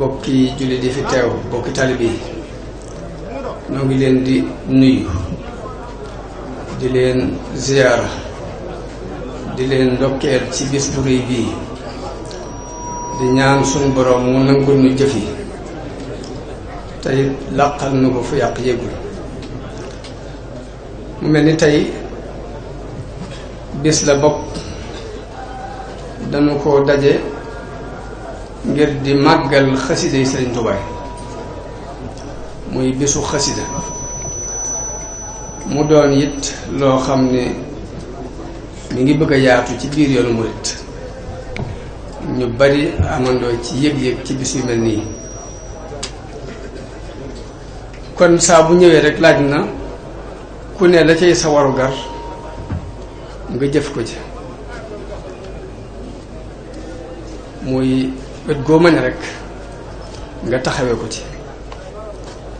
bokki jullit di fi teew bokki tali yi ñoo ngi leen di nuyu di leen ziyaara di leen ndokkeel ci bis bu réy bii di ñaan suñu boroom mu nangul nu jëf yi tey làqal nu ko fu yàq yëgul mu mel ni tey bis la bopp dañu ko daje ngir di màggal xasida yi sëriñ Tuubaa muy bésu xasida mu doon it loo xam ne mi ngi bëgg a yaatu ci biir yoonu murit ñu bari amandoo ci yëg-yëg ci bis mel nii kon saa bu ñëwee rekk laaj na ku ne la cay sa warugar nga jëf ko ci muy wet goo mën rek nga taxawee ko ci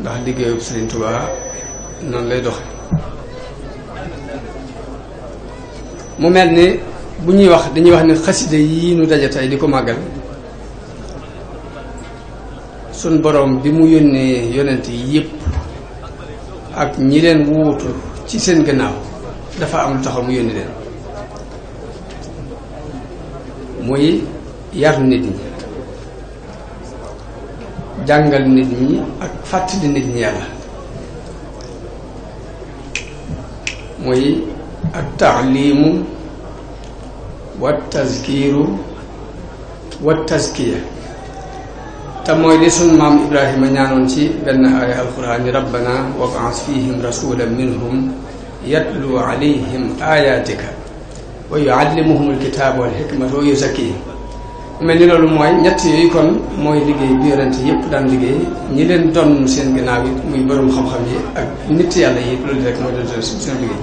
ndax liggéeyub Sëriñ Tuubaa noonu lay doxe mu mel ni bu ñuy wax dañuy wax ne xasida yi nu daje tey di ko màggal sun boroom bi mu yónnee yonent yi yëpp ak ñi leen wuutu ci seen gannaaw dafa am lu taxaw mu yónni leen muy yar nit ñi jàngal nit ñi ak fàttali nit ñi yàlla muy at taalimu wa tazkiru wa tazkiya te mooy li sunu maam Ibrahima ñaanoon ci benn aaya alquraan rabbana wab'as fihim rasulan minhum yatlu alayhim ayatika wa yuallimuhum alkitaaba walhikmata wa yuzakkihim mais ni loolu mooy ñett yooyu kon mooy liggéey bi yonent yëpp daan liggéey ñi leen doon seen ginnaaw it muy borom xam-xam yi ak nit yàlla yi loolu rek mooy doon seen liggéey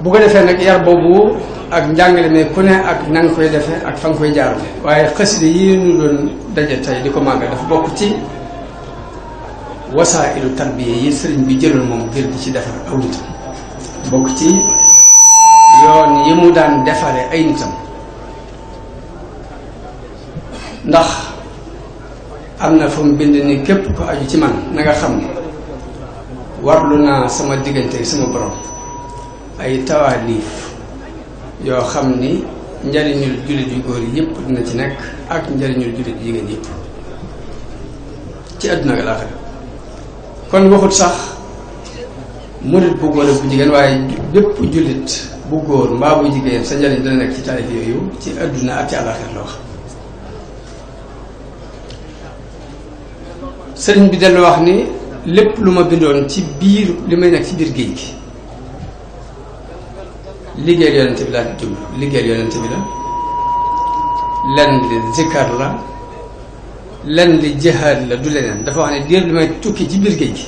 bu ko defee nag yar boobu ak njàngale mais ku ne ak na koy defee ak fa nga koy jaarale waaye xasida yi ñu doon daje tey di ko màggal dafa bokk ci wasaailu tarbiya yi sëriñ bi jëloon moom ngir di ci defar aw nitam bokk ci yoon yi mu daan defaree ay nitam ndax am na fu mu bind ni képp ku aju ci man na nga xam warlu naa sama diggante sama borom ay tawaalif yoo xam ni njariñul jullit yu góor yëpp dina ci nekk ak njariñul jullit yu jigéen yëpp ci àdduna ak laaxira kon waxut sax murit bu góor ak bu jigéen waaye bépp jullit bu góor mbaa bu jigéen sa njariñ dina nekk ci taalif yooyu ci àdduna ak ci àllaaxira loo xam sëriñ bi dellu wax ni lépp lu ma bindoon ci biir li may nekk ci biir géej gi liggéeyal yonente bi laa ci bi la lenn li zikkar la lenn li jihaad la du leneen dafa wax ne diir li tukki ci biir géej gi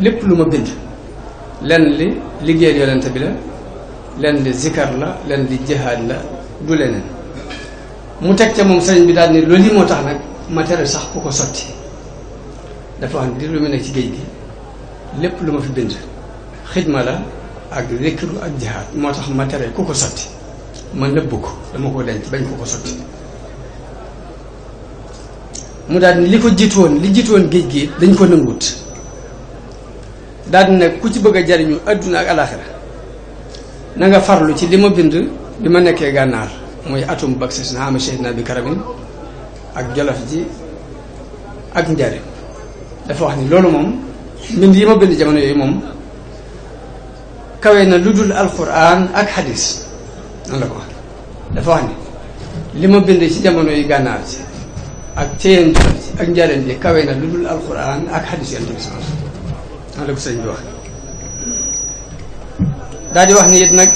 lépp lu ma bind lenn li liggéeyal yonente bi la lenn li zikkar la lenn li jihaad la du leneen mu teg ca moom sëriñ bi daal ni loolu li moo tax nag ma tere sax ku ko sotti dafa wax ne dir lu mu nekk ci géej gi lépp lu ma fi bind xidma la ak zikru ak jihaad moo tax ma tere ku ko sotti ma nëbbu ko dama ko denc bañ ko ko sotti mu daal ni li ko jiitu woon li jiitu woon géej gi dañ ko nanguwut daal di ku ci bëgg jariñu àdduna ak alaxira na nga farlu ci li ma bind bi ma nekkee gànnaar muy atum baksis na ama seydina bi karamin ak jolof ji ak njariñ dafa wax ni loolu moom mbind yi ma bind jamono yooyu moom kawe na lu dul alquran ak hadis noonu la ko wax dafa wax ni li ma bind ci jamono yi gànnaar ci ak ceyeen ak njareen ji kawe na lu dul alquran ak hadis yonent bi sallallahu alayhi wasallam noonu la ko sëñ bi wax daal di wax ni it nag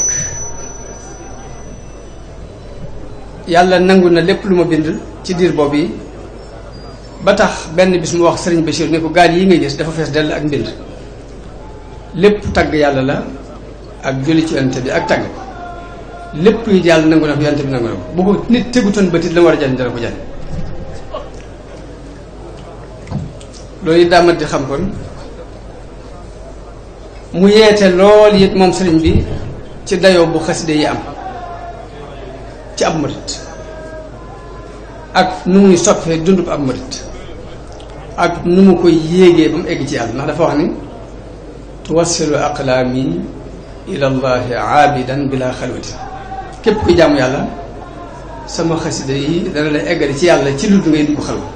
yàlla nangu na lépp lu ma bind ci diir boobu yi ba tax benn bis mu wax sëriñ ba Bachir ne ko gaal yi ngay gis dafa fees dell ak mbind lépp tagg yàlla la ak julli ci yonent bi ak tagg lépp yi yàlla nangu na ko yonent bi nangu na ko bu ko nit tegutoon bëtit la mu war a jariñ dana ko jariñ loolu it daamat di xam kon mu yeete lool it moom sëriñ bi ci dayoo bu xaside yi am ci ab murit ak nu muy soppee dundub ab murit ak nu mu koy yéegee ba mu egg ci yàlla ndax dafa wax ni tuwassilu aqlaami ila llahi aabidan bila xalwati képp kuy jàmm yàlla sama xasida yi dana la eggale ci yàlla ci lu ngay dugg xalwa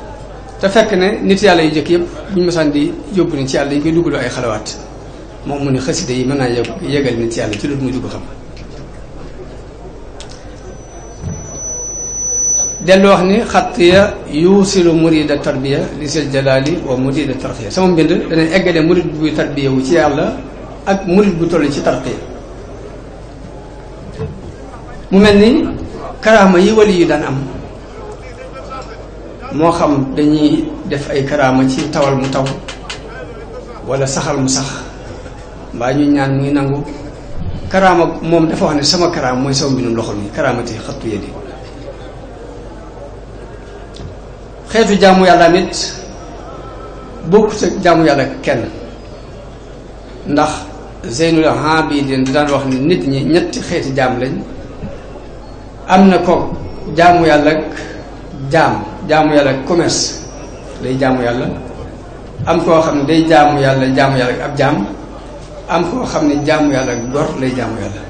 te fekk ne nit yàlla yu jëkk yëpp bu ñu masaan di yóbbu ni ci yàlla dañ koy duggaloo ay xalawaat moom mu ne xasida yi mën naa yeggal nit yàlla ci lu muy dugg xam dellu wax ni xattiya yuusilu murida tarbiya li sel jalaali wa murida tarqiya sama mbind danañ eggale murid buy tarbiya wu ci yàlla ak murid bu toll ci tarqiya mu mel ni karaama yi wali yi daan am moo xam dañuy def ay karaama ci tawal mu taw walla saxal mu sax mbaa ñu ñaan muy nangu karaama moom dafa wax ne sama karaam mooy sama mbindum loxo mi karaamati xattu yeddi xeetu jàmm yàlla nit bokk sa jaamu yàlla kenn ndax Zeynul Abidin di daan wax ni nit ñi ñetti xeeti jàmm lañ am na ko jaamu yàlla ak jàmm jaamu yàlla ak commerce day jaamu yàlla am koo ne day jaamu yàlla jaamu yàlla ak ab jaam am koo xam ne jàmm yàlla ak gor lay jaamu yàlla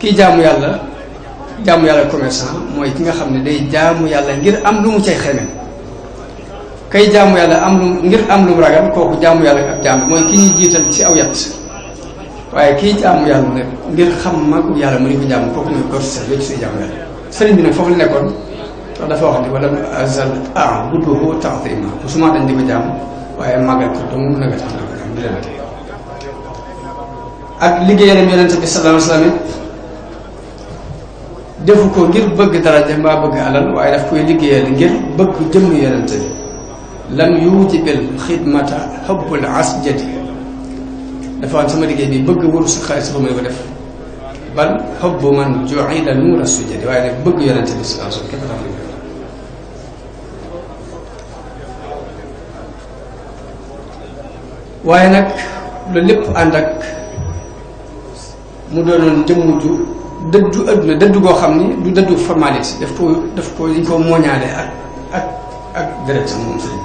kii jaamu yàlla jaamu yàlla commerçant mooy ki nga xam ne day jaamu yàlla ngir am lu mu cay xeme kay jaamu yàlla am lu ngir am lu mu ragal kooku jaamu yàlla ak jaam ki ñuy jiital aw yat waaye kii jaamu yàlla nag ngir xam magu yàlla mu di ko jaamu kooku sa bi nag foofu nekkoon dafa wax ne wala azal ah budduhu taxtima musuma dañ di ko jaam waaye màggal ko dong nag a na ko jaam bi la ak liggéeyalam yonente bi sallallahu alayhi wa defu ko ngir bëgg daraja mbaa bëgg alal waaye daf koy liggéeyal ngir bëgg jëmm yonente bi lam yuujibil xidmata xubbul asjati dafa am sama liggéey bi bëgg wuru sa xaalis safa may ko def bal xubbu man juida nuura sujjati waaye daf bëgg yonente bi sallallahu waaye nag loolu lépp ànd ak mu doonoon jëmm ju dëddu adduna dëddu goo xam ni du dëddu formalité daf ko daf ko liñ ko mooñaale ak ak deret sax moom sëriñ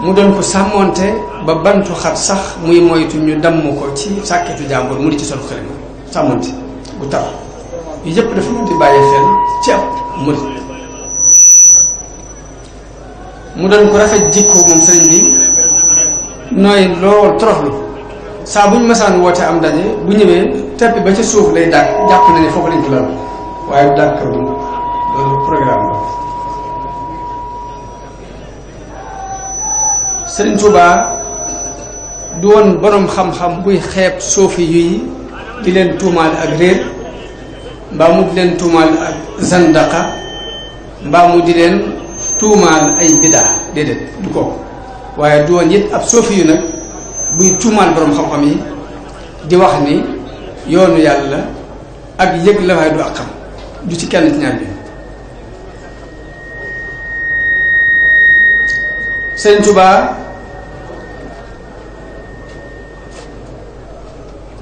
mu doon ko sàmmoonte ba bantu xat sax muy moytu ñu damm ko ci sàkketu jàmbur mu di ci sol xalima sàmmoonte bu tax yëpp dafa di bàyyi xel ci ab murit mu doon ko rafet jikko moom sëriñ bi nooy lool toroxlu saa buñ ñu masaan woote am daje bu ñëwee tappi ba ca suuf lay dàkk jàpp na ne foofu lañ ko lal waaye dàkk loolu programme la Sëriñ Tuubaa du woon borom xam-xam buy xeeb suufi yi di leen tuumaal ak réer mbaa mu di leen tuumaal ak zandaqa mbaa mu di leen tuumaal ay bidaa déedéet du ko waaye du woon it ab suufi yu nag buy tuumaal boroom xam-xam yi di wax ni yoonu yàlla ak yëg la du ak xam du ci kenn ci bi Sëñ Tuubaa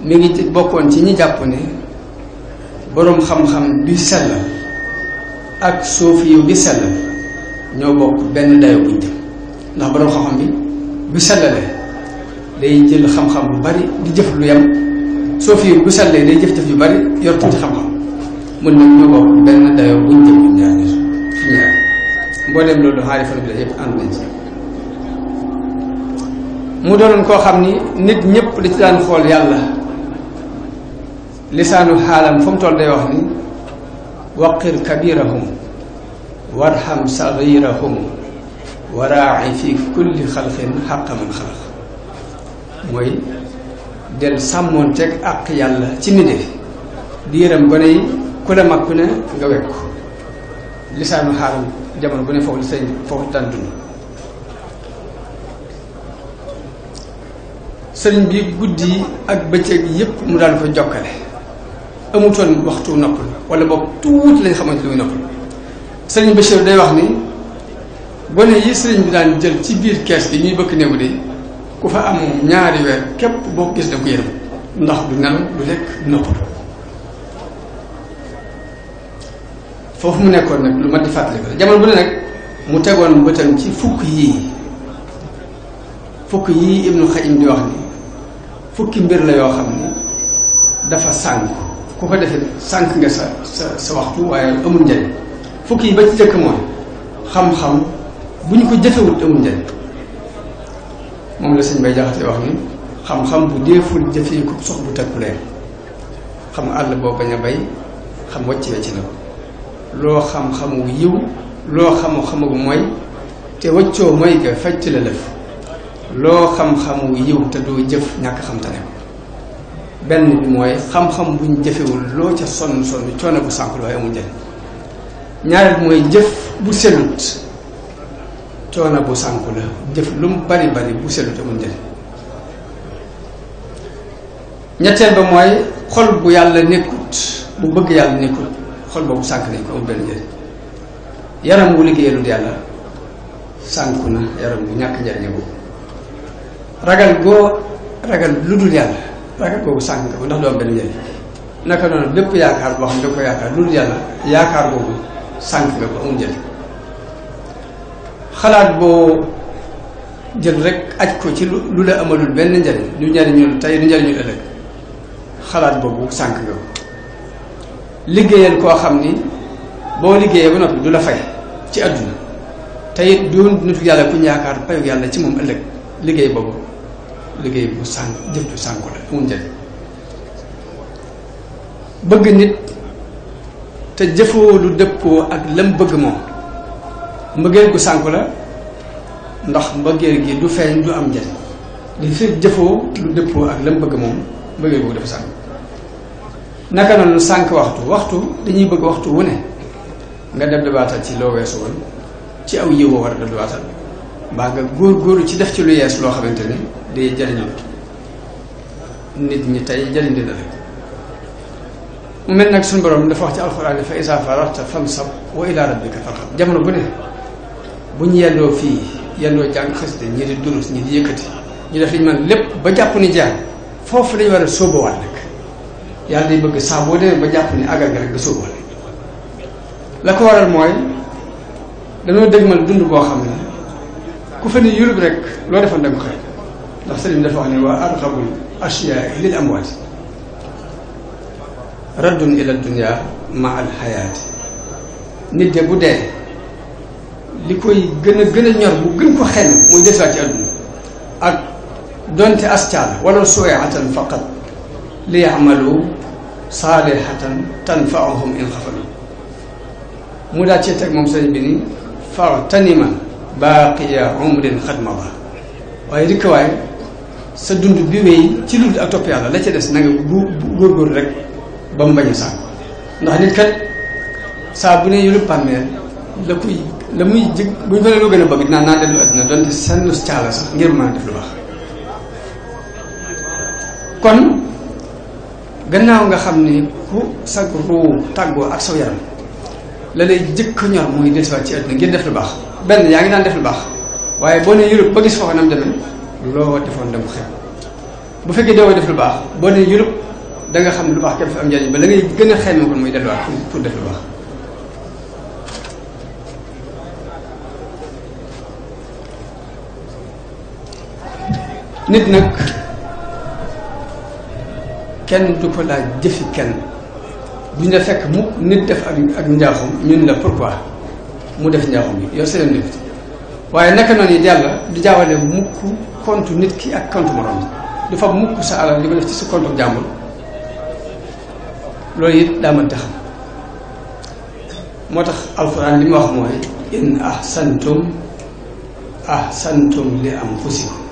mi ngi ci bokkoon ci ñi jàpp ni boroom xam-xam bi sell ak suufi yu bi sell ñoo bokk benn dayo buñ ndax boroom xam-xam bi bu sellale day jël xam-xam lu bari di jëf lu yem soo fi bu sellee day jëf-jëf yu bari yor tuuti xam-xam mun nag ñoo bokk benn dayoo buñ jëm ñun ñaar ñaar mbooleem loolu xaarifan bi la yëpp ànd nañ ci mu doonoon koo xam ni nit ñëpp da ci daan xool yàlla lisaanu xaalam fu mu day wax ni waqir kabirahum warham sagirahum waraaci fi kulli xalqin xaqa man mooy del sàmmoonteeg àq yàlla ci mbindéef di yërëm gone yi ku la mag ku ne nga wekku lisaanu xaalam jamono bu ne foofu la sëñ foofu daan dund sëriñ bi guddi ak bëccëg yépp mu daan ko jokkale amutoon waxtu noppal wala boog tuuti lañ xamante luy noppal sëriñ Bachir day wax ni gone yi sëriñ bi daan jël ci biir kees gi ñuy bëkk néegu de ku fa am ñaari weer képp boo ko gis da ko yërëm ndax du nelaw du lekk du foofu mu nekkoon nag lu ma di fàttali ko jamono bu ne nag mu tegoon bëtam ci fukk yii fukk yii Ibnu Xayyim di wax ni fukki mbir la yoo xam ne dafa sànk ku ko defee sànk nga sa sa sa waxtu waaye amul njëriñ fukk yi ba ci jëkk mooy xam-xam bu ñu ko jëfewut amul njëriñ moom la sëñ bay jaxate wax ni xam-xam bu déeful jëfee ko sox bu takkulee xam àll boo bañ a bay xam wàcc wecc la loo xam-xamu yiw loo xam-xamu mooy te wàccoo mooy ga faj la loo xam-xamu yiw te doo jëf ñàkk xam tane ko benn bi mooy xam-xam buñ jëfewul loo ca sonn sonn coono bu sànk looy amul njëriñ ñaareel mooy jëf bu selut coono bu sànku la jëf lu mu bari bari bu sellu te mu njëriñ ñetteel ba mooy xol bu yàlla nekkut bu bëgg yàlla nekkut xol boobu sànk nañ ko amul benn njëriñ yaram wu liggéeyalut yàlla sànku na yaram bu ñàkk njëriñ boobu ragal goo ragal lu dul yàlla ragal googu sànk nga ko ndax doo am benn njëriñ naka noonu bépp yaakaar boo xam ne yaakaar lu dul yàlla yaakaar boobu sànk nga ko amul njëriñ xalaat boo jël rek aj ko ci lu la amalul benn njariñ du njariñul tey du njariñul ëllëg xalaat boobu sànq nga liggéeyal koo xam ni boo liggéeyee ba noppi du la fay ci àdduna tey doon nitu yàlla ku ñaakaar payu yàlla ci moom ëllëg liggéey boobu liggéey bu sànq jëf ju sànq la amul njariñ bëgg nit te jëfoo lu dëppoo ak lam bëgg moom mbëggeel gu sànku la ndax mbëggeel gi du feeñ du am njëriñ li fekk jëfoo lu dëppoo ak lam bëgg moom mbëggeel googu dafa sànk naka noonu sànk waxtu waxtu dañuy bëgg waxtu wu ne nga dem dabaatal ci loo weesu woon ci aw yiw war a def dabaatal mbaa nga góor-góorlu ci def ci lu yees loo xamante ne day jariñoo nit ñi tey jariñ dina la mu mel nag suñu borom dafa wax ci alxuraan fa isaa faraxta fansab wa ilaa rabbika farxab jamono bu ne buñ yendoo fii yendoo jàng xasida ñi di durus ñi di yëkkati ñu def liñ man lépp ba jàpp ni jeex foofu lañu war a sóobawaat nag yàlla day bëgg saa boo ba jàpp ni àggal nga la ko waral mooy dañoo dëgmal dund boo xam ne ku fa ni yurub rek loo defoon da nga ko xëy ndax sëriñ dafa wax ne waa arxabul ashiyaa lil amwaati raddun ila dunya ma al nit de bu dee li koy gën a gën a ñor bu gën ko xel muy desaat ci àdduna ak donte ascaala wala suweatan faqat li yamalu saalihatan tanfaahum in xafalu mu daal cee teg moom sëriñ bi ni fartanima baaqiya umrin xadmaba waaye rikk waaye sa dund bi wéy ci lu ak topp yàlla la ca des na nga góorgóorlu rek ba mu bañ a ndax nit kat saa bu ne yëlu pàmmeel la koy la muy jëg bu ñu feneen loo gën a bëgg dinaa naa dellu àddina donte senn caala sax ngir mën a def lu baax kon gannaaw nga xam ni ku sag ruu tàggoo ak saw yaram la lay jëkk ñor muy dellusiwaat ci àddina ngir def lu baax benn yaa ngi daan def lu baax waaye boo ne Europe ba gis foofa nam demee loo defoon da ko xeeb bu fekkee doo def lu baax boo ne Europe da nga xam ne lu baax képp fi am njëriñ ba la ngay gën a xeemee kon muy def delluwaat pour def lu baax nit nag kenn du ko laaj jëfi kenn duñ la fekk mukk nit def ak ak ñu ñun la pourquoi mu def njaaxum yi yow seen nit waaye naka noonu it yàlla du jaawale mukk compte nit ki ak compte morom du fa mukk sa tax alxuraan li mu wax mooy in ahsantum ahsantum li anfusikum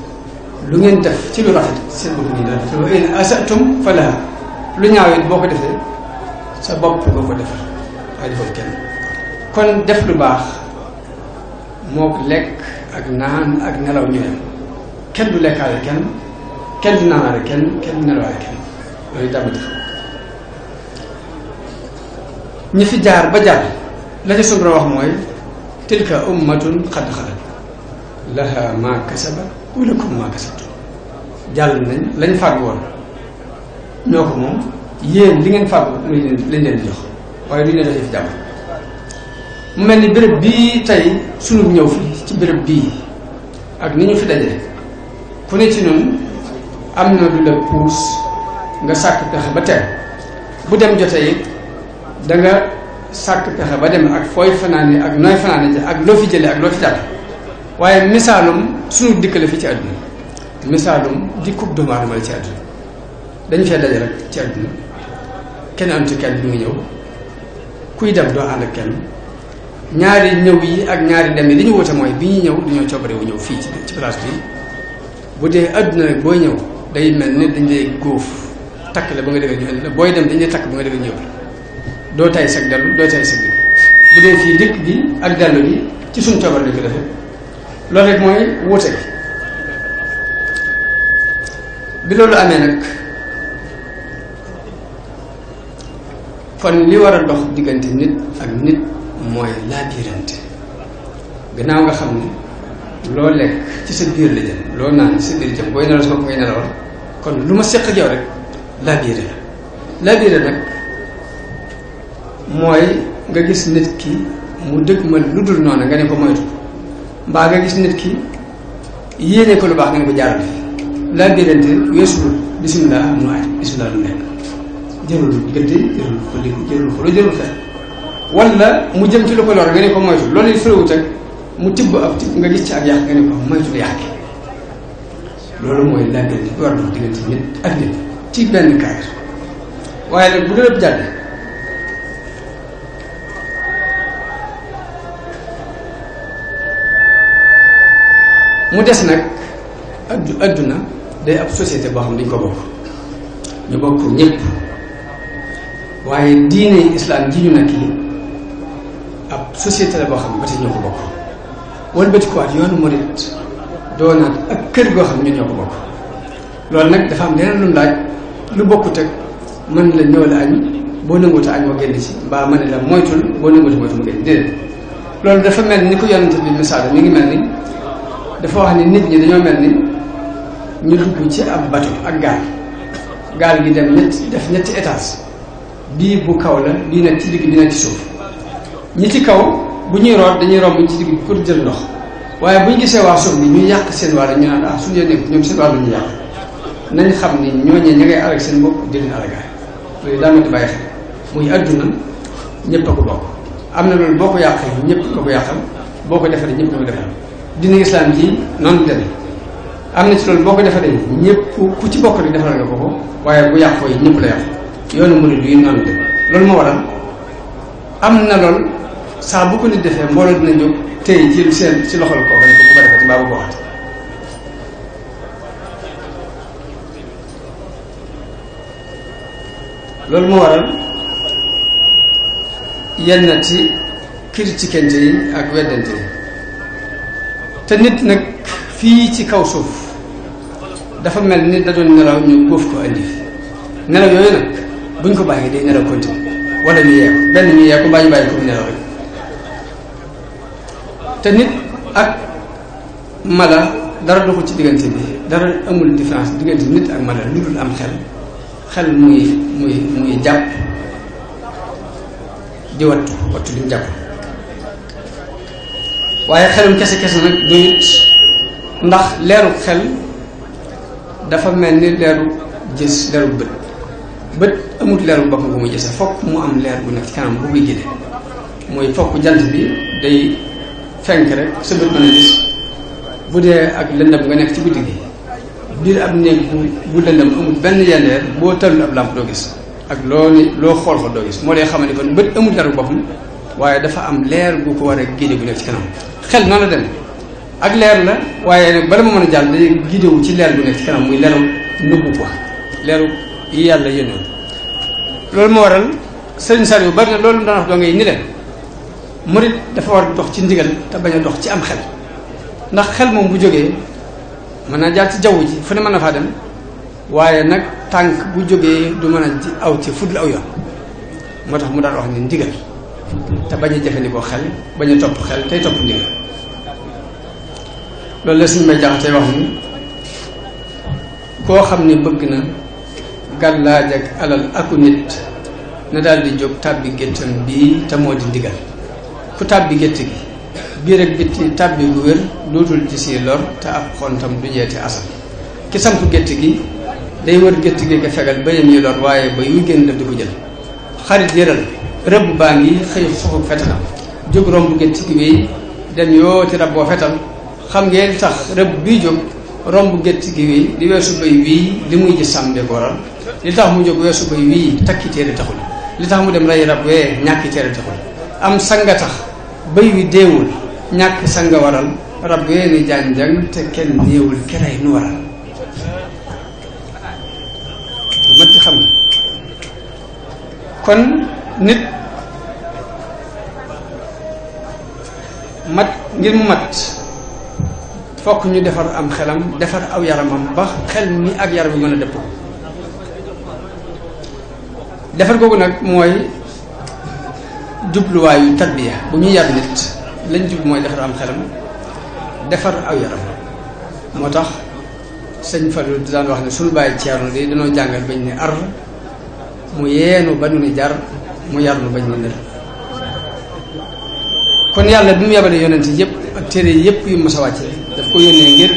lu ngeen def ci lu rafet seen bopp ngeen def te in asatum falaha lu ñaaw it boo ko defee sa bopp nga ko defal waaye defal kenn kon def lu baax moo lekk ak naan ak nelaw ñu dem kenn du lekkaale kenn kenn du naanaale kenn kenn du nelawaale kenn loolu itam ñi fi jaar ba jàll la ca suñu wax mooy tilka ummatun qad xalat laha ma kasabat walakum maa jàll nañ lañ fàgg woon ñoo ko moom yéen li ngeen fàgg lañ leen jox waaye duñ leen jox fi jàmm mu mel ni bërëb bii tey sunu ñëw fi ci bërëb bii ak ni ñu fi daje ku ne ci ñun am na lu la puus nga sàkk pexe ba teg bu dem jotee it da nga sàkk pexe ba dem ak fooy fanaane ak nooy fanaane ak loo fi jëlee ak loo fi jàpp. waaye misaalum suñu dikk la fi ci àdduna misaalum dikkub doomu aadama la ci àdduna dañ fee daje rek ci àdduna kenn am ci kenn bi ngi ñëw kuy dem doo ànd ak kenn ñaari ñëw yi ak ñaari dem yi li ñu wute mooy bi ñuy ñëw dañoo coobare wu ñëw fii ci ci place bi bu dee àdduna nag booy ñëw day mel ni dañ lay góof takk la ba nga demee ñu indi booy dem dañ takk ba nga demee ñëw doo tay sag dellu doo tay sag dikk bu dee fii dikk bi ak dellu bi ci suñu coobare lañ ko defee loolu rek mooy wuute gi bi loolu amee nag kon li war a dox diggante nit ak nit mooy laabirante gannaaw nga xam ne loo lekk ci sa biir la jëm loo naan ci sa biir jëm booy nelaw sa bopp ngay nelawal kon lu ma seq ak yow rek laabire la laabire nag mooy nga gis nit ki mu dëgg ma lu dul noonu nga ne ko moytu mbaa nga gis nit ki yéene ko lu baax nga ne ko jaaral fi laa birante weesul bisimilah mu waay bisimilah lu nekk jërul diggante jërul xulli jërul jërul xel wala mu jëm ci lu ko lor nga ne ko moytu loolu it ak mu tibb ab tibb nga gis ci ak yàq nga ne ko moytu yàq loolu mooy laa birante war na diggante nit ak nit ci benn kaar waaye nag bu dee jàll mu des nag addu adduna day ab société boo xam dañ ko bokk ñu bokk ñëpp waaye diine islam ji ñu nekk yi ab société la boo xam ba tey ñoo ko bokk walbati kuwaat yoonu murit doonaat ak kër goo xam ñun ñoo ko bokk loolu nag dafa am ne lu laaj lu bokkut ak la ñëw la añ boo nanguta añ ma génn ci mbaa mën la moytul boo nanguta moytu ma génn déedéet loolu dafa mel ni ko yonante bi misaal mi ngi mel ni dafa wax ni nit ñi dañoo mel ni ñu dugg ci ab bato ak gaal gaal gi dem ñetti def ñetti étage bii bu kaw la bii nag ci digg bi nag ci suuf ñi ci kaw bu ñuy root dañuy romb ci digg bi pour jël ndox waaye bu ñu gisee waa suuf bi ñuy yàq seen waar ñu naan suñ ah, suñu nekk ñoom seen waar ñu yàq nañ xam ni ñooñee ña ngay alag seen bopp di leen alagaay loolu daa mënti bàyyi xel muy àdduna ñëpp a ko bokk am na loolu boo ko yàqee ñëpp nga ko yàqal boo ko defaree ñëpp nga ko defal dina islam ji noonu deme am na ci loolu boo ko defaree ñëpp ku ci bokk rek defaral nga ko ko waaye bu yàqoo yi ñëpp la yàqu yoonu murid yi noonu deme loolu moo waral am na lool saa bu ko nit defee mbooloo dina jóg tey jël seen ci loxol ko ne ko bu ko defee mbaa bu ko waxati loolu moo waral yenn ci critiquante yi ak weddante yi te nit nag fii ci kaw suuf dafa mel ni dajoon doon nelaw ñu góof ko indi nelaw yooyu nag buñ ko bàyyi day nelaw continue wala ñu yee ko benn ñu yee ko bàyyi bàyyi ko mu nelaw rek te nit ak mala dara doxul ci diggante bi dara amul différence diggante nit ak mala lu dul am xel xel muy muy muy jàpp di wattu wattu li jàpp waaye xelum kese kese nag doyut ndax leeru xel dafa mel ni leeru gis leeru bët bët amut leeru boppam bu mu gisee fokk mu am leer bu nekk ci kanam bu muy mooy fokk jant bi day fenk rek sa bët mën a gis bu dee ak lëndëm nga nekk ci guddi gi biir ab néeg bu bu lëndëm amul benn yendeer boo tallul ab làmp doo gis ak loo ni loo xool ko doo gis moo lay xamal ni kon bët amul leeru boppam waaye dafa am leer gu ko war a génne bu nekk ci kanam xel noonu la demee ak leer la waaye bala ma mën a jàll day gidewu ci leer bu nekk ci kanam muy leeru nëbbu ko leeru yi yàlla yónnee loolu moo waral sën sar yu bari na loolu daan wax doo ngay ni leen murit dafa war dox ci ndigal te bañ a dox ci am xel ndax xel moom bu jógee mën naa jaar ci jaww ji fu ne mën a faa dem waaye nag tànk bu jógee du mën a aw ci fudul aw yoon moo tax mu daal wax ni ndigal te bañ a jëfandikoo xel bañ a topp xel tey topp ndigal loolu la suñu may jaxatee wax ni koo xam ne bëgg na gàllaaj ak alal aku nit na daal di jóg tàbbi géttam bii te moo di ndigal ku tàbbi gétt gi biir ak bitti tàbbi gu wér dootul ci si lor te ab xontam du jeeti asal ki samp gétt gi day wër gétt gi nga fegal bayam yi lor waaye ba yuy génn daf ko jël xarit yëral rëbb baa ngi xëy sufu fetalam jóg romb gétt gi wéy dem yooti rab boo fetal xam ngeen tax rëbb bii jóg romb gétt gi wéy di weesu bay wii li muy gis sàmm de kooral li tax mu jóg weesu bay wii takki téere taxul li tax mu dem rey rab wee ñàkki téere taxul am sanga tax bay wi deewul ñàkk sanga waral rab wee ni jànjang te kenn deewul keray nu waral mat xam kon nit mat ngir mu mat fokk ñu defar am xelam defar aw yaramam ba xel mi ak yaram bi mën a dëppoo defar googu nag mooy jubluwaayu tarbiya bu ñu yar nit lañ jublu mooy defar am xelam defar aw yaram moo tax sëñ Fallou daan wax ne suñu bàyyi ceerno de danoo jàngal bañ ne ar mu yeenu ba nu ni jar mu yar nu bañ ne nër kon yàlla bi mu yebalee yonent yëpp ak téere yëpp yu mos a wàcce daf ko yónnee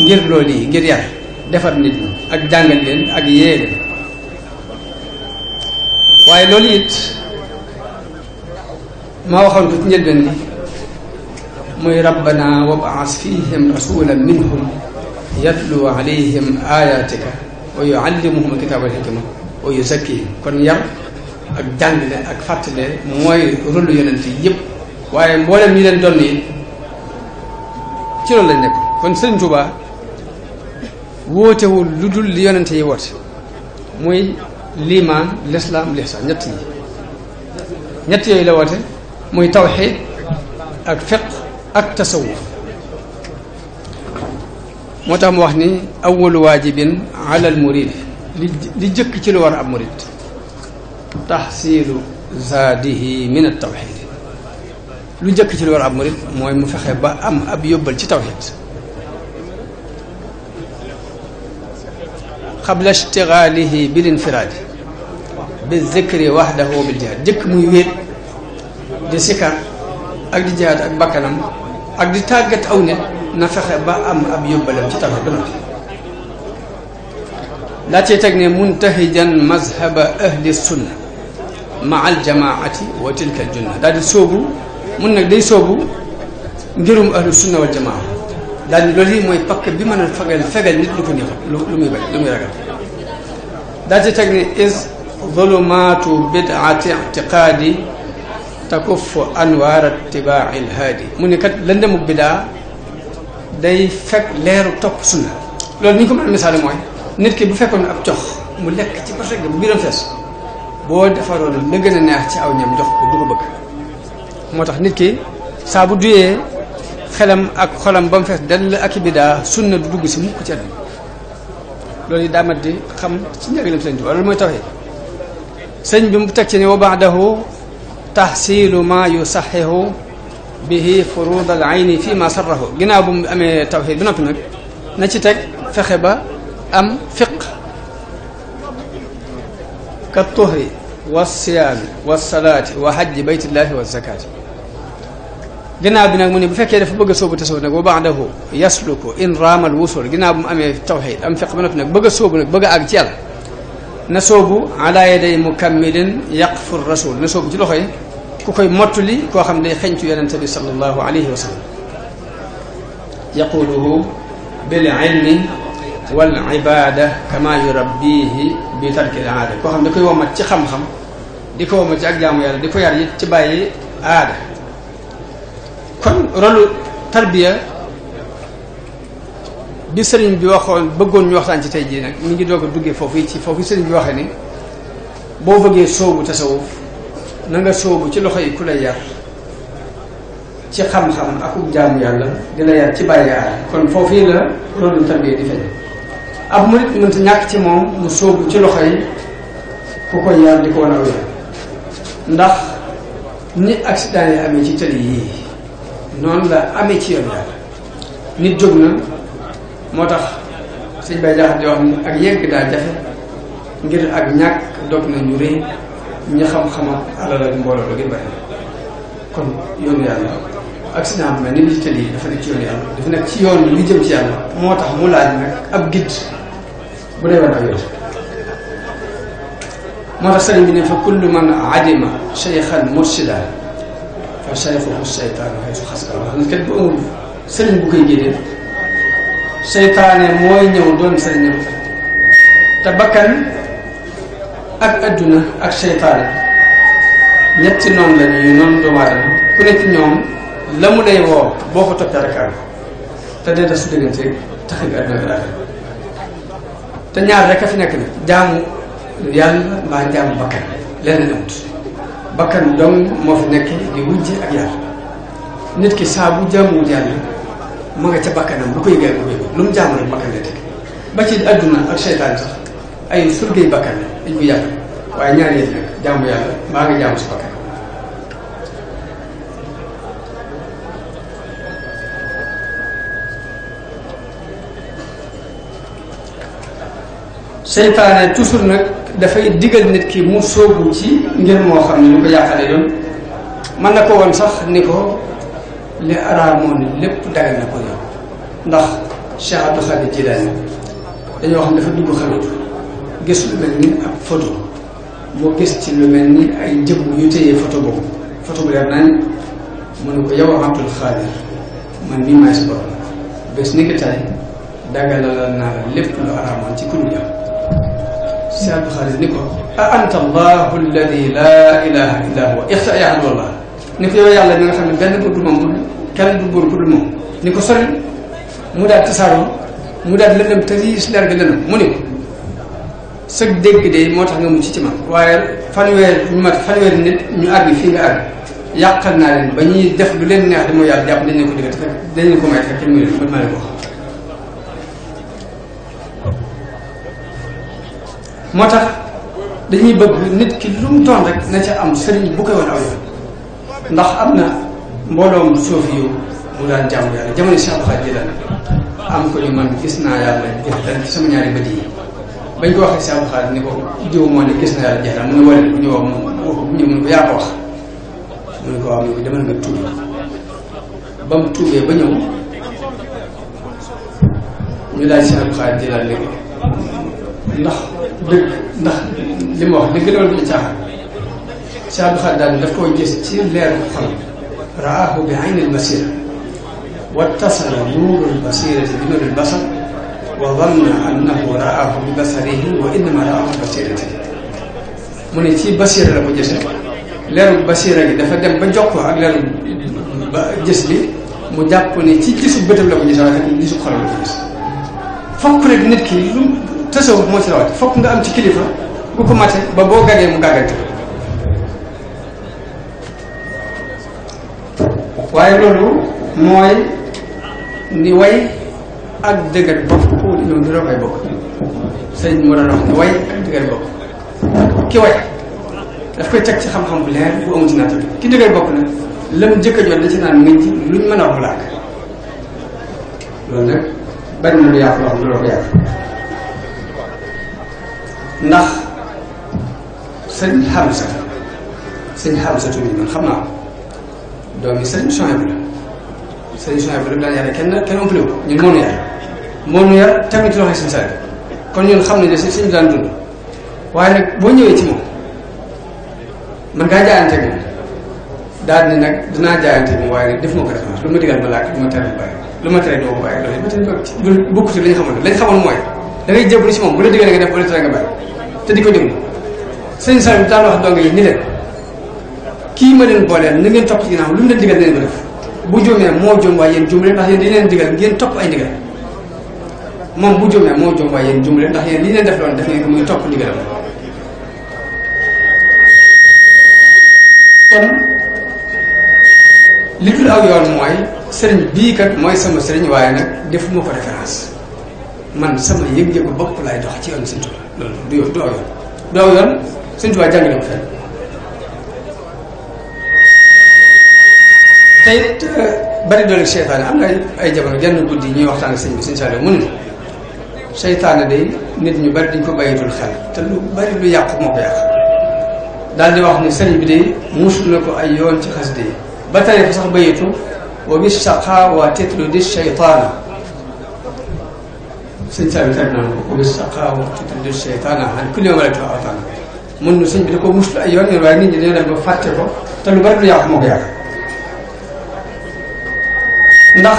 ngir loolu yi ngir yar defar nit ñi ak jàngal leen ak yee leen waaye loolu it maa waxoon ko ci njëlbeen bi muy rabbana wabaas fihim rasulan minhum yatlu alayhim ayatika wa yuallimuhum alkitaba wal hikma wa yuzakkihim kon yar ak jàngale ak fàttale mooy rôle yonent yëpp waaye mboolem ñi leen doon yi ci loolu lañ nekk kon sëriñ Tuuba wóotewul lu dul li yonente yi woote muy liimaan lislaam lihsaan ñett yi ñett yooyu la woote muy tawxiid ak fiq ak tasawuf moo tax mu wax ni awalu waajibin li jëkk ci lu war ab murid taxsiilu zaadihi min at tawxiid lu jëkk ci lu war ab murit mooy mu fexe ba am ab yóbbal ci tawxiid xabla ishtigaalihi bil infiraadi bi bil jëkk muy wéet di sikar ak di jihaad ak bakkanam ak di tàggat aw nit na fexe ba am ab yóbbalam ci tawxiid ba noppi daa cee teg ne muntahijan mazhaba ahli sunna ma al wa tilka al junna sóobu mun nag day soobu ngirum ahlu sunna wal jamaa daal loolu mooy pakk bi mën a fegal fegal nit lu ko neexal lu muy ragal daal ci teg ni is zulumaatu bidaati ictiqaadi takuffu anwaar atibaaci lhaadi mu ne kat lëndëmu bidaa day fekk leeru topp sunna loolu ni ñu ko mën a misaale mooy nit ki bu fekkoon ab cox mu lekk ci parce que bu biiram fees boo defaroon la gën a neex ci aw ñam jox ko du moo tax nit ki saa bu duyee xelam ak xolam ba mu fees dell ak bidaa sunna du dugg si mukk ci àdduna loolu daa mat di xam ci njëriñam sëñ Tuubaa loolu mooy tawhid sëñ bi mu teg ci ne wa baadahu tahsilu ma yusaxihu bihi furud al ayni fi ma sarrahu ginnaaw bu mu amee tawhid bi noppi nag na ci teg fexe ba am fiq ka tuhri wa siyaami wa salaati wa hajji baytillahi wa zakaati ginnaaw bi nag mu ne bu fekkee dafa bëgg a sóobu tasawuf nag wa ba'dahu yasluku in raamal wusul ginnaaw bu mu amee tawxid am fiq ba noppi nag bëgg a sóobu nag bëgg a àgg ci yàlla na sóobu ala yaday mukammilin yaqfu rasul na sóobu ci loxo yi ku koy mottuli koo xam ne day xëñtu yonente bi sallallahu alayhi wa sallam yaquluhu bil ilmi wal ibada kama yurabbihi bi tarkil aada koo xam ne da koy womat ci xam-xam di ko womat ci ak jaamu yàlla di ko yar it ci bàyyi aada kon rôle tarbiya bi sëriñ bi waxoon bëggoon ñu waxtaan ci tey jii nag mi ngi doog a duggee foofu ci foofu sëriñ bi waxee ni boo bëggee sóobu tasawuf na nga sóobu ci loxo yi ku lay yar ci xam-xam ak ub jaamu yàlla di la yar ci bàyyi aar kon foofu yi la rôle tarbiya di feeñ ab murit mënta ñàkk ci moom mu sóobu ci loxo yi ku koy yar di ko wan aw yar ndax ni accident yi amee ci tëli yii noonu la amee ci yoon yàlla nit jóg na moo tax sëñ bay jaxat di wax ni ak yegg daa jafe ngir ak ñàkk dog na ñu rëy ñi xam-xamam alal ak mbooloo la gën bari kon yoonu yàlla accident bu mel ni nit tëdd yi dafa nekk ci yoonu yàlla dafa nekk ci yoon li jëm ci yàlla moo tax mu laaj nag ab gidd bu dee war ak yoon moo tax sëriñ bi ne fa kullu man adima cheikhan murshida wa sayfahu seytaane xaytu xaskal wax nit kat bu sëriñ bu koy génnee seytaane mooy ñëw doon sëriñam te bakkan ak adduna ak seytaane ñetti noonu la ñuy noonu doomu ku ne ñoom la mu lay woo boo ko toppee rek te dee def su diggante tax a adduna ak te ñaar rek a fi nekk nag jaamu yàlla mbaa jaamu bakkan leneen amut bakkan dong moo fi nekk di wujje ak yàlla nit ki saa bu jaamuwut yàlla mu nga ca bakkanam bu ko yëgee bu ko lu mu jaamu rek bakkan la teg ba ci adduna ak seytaan sax ay surgay bakkan la dañ ko yàgg waaye ñaari yëf nag jaamu yàlla maa nga jaamu si bakkan seytaane toujours nag dafay digal nit ki mu sóobu ci ngir moo xam ne ñu ko yàqale doon mën na ko woon sax ni ko li araamoon lépp dagal na ko yow ndax xam dafa gis ci lu mel mu ne ko yow Abdul Xaadir man mii maay si borom lépp lu araamoon ci kuréel Seydou Xaalis ni ko a anta allahu alladi laa ilaha illa huwa ixta yahdu allah ni ko yow yàlla bi nga xam ne benn buur du moom bu kenn du buur ku moom ni ko sori mu daal tasaaroo mu daal lëndëm te riis leer bi lëndëm mu ni ko sëg dégg de moo tax nga mu ci ci ma waaye fanweer ñu mat fanweer nit ñu àgg fii nga àgg yàqal naa leen ba ñuy def lu leen neex di mooy yàlla jàpp dañ ne ko diggante fekk dañ ne ko may fekk kenn muy def man maa wax moo tax dañuy bëgg nit ki lu mu doon rek na ca am sëriñ bu koy woon aw yoon ndax am na mbooloom suuf yu mu daan jàmm yàlla jamono Cheikh Abdou Khadre Jilani am ko ñu man gis naa yàlla jëf dan ci sama ñaari bët ko waxee Cheikh moo ne ñu wax mu ñu mun ko yaa ko wax mu ne ko demal nga tuub ba mu tuubee ba ñëw ñu daal Cheikh Abdou Khadre Jilani ni ko ndax dëgg ndax li ma wax dëgg doon di caaxaan si Abdou Khadr daal daf koo gis ci leeru xol raahu bi aynil basira wattasala nuurul basirati bi nuuril basar wa danna annahu raahu bi basarihi wa innama raahu bi basirati mu ne ci basira la ko gis leeru basira gi dafa dem ba jokkoo ak leeru ba gis bi mu jàpp ne ci gisu bëtam la ko gis waaye gisu xol la ko gis fokk rek nit ki tasawuf moo ci rawati fokk nga am ci kilifa bu ko mate ba boo gagee mu gàggante waaye loolu mooy ni way ak dëgër bopp bokk ki way daf koy teg ci xam-xam bu leer bu amul ci naata ki dëgër bopp nag lam jëkk jot da ci naan mën ci luñ mën a wax làkk loolu nag bari na lu yàqu loo xam ne ndax sëñ Hamza sëñ Hamza tamit man xam naa ko doomi sëñ Souhaïbou la sëñ Souhaïbou la daan yare kenn kenn ëppale ko ñun moo nu yar moo nu yar kon ñun xam nañ ne sëñ boo ñëwee ci moom man ngaa jaayante moom daal di nag dinaa jaayante moom waaye nag def ma ko référence lu ma digal ma laaj lu ma tere bàyyi lu ma tere doo ko bàyyi xamoon lañ xamoon mooy da ngay jébbalu si moom bu la digalee nga def bu la tere nga bàyyi te di ko déglu sëñ Saliou daan wax dong ni leen kii ma leen booleel ni ngeen topp ci ginnaaw lu mu leen digal ngeen ko def bu jóomee moo jóom waaye yéen jóom leen ndax yéen leen digal ngeen topp ay ndigal moom bu jóomee moo jóom waaye yéen jóom leen ndax yéen leen def loon def ngeen ko muy topp ndigalam kon li tudd aw yoon mooy sëriñ bii kat mooy sama sëriñ waaye nag defuma ko référence man sama yëg-yëgu bopp lay dox ci yoon si Tuubaa loolu du du aw yoon du aw yoon Sëñ am na ay jamono genn guddi ñuy waxtaan ak sëñ bi sëñ mu ne seytaane day nit ñu bari dañ ko bàyyitul xel te lu bari lu yàqu yàq daal di wax ni sëñ bi day musul na ko ay yoon ci xas de yi ba tari wa bi saqa wa titlu di seytaana sëñ Saaliw Saaliw naan ko omis saqaawa tudd seytaana an kulli ma la tuwa awtaan mun nu sëñ bi da ko muslu ay yoon yoon waaye nit ñi dañoo dem yàq ndax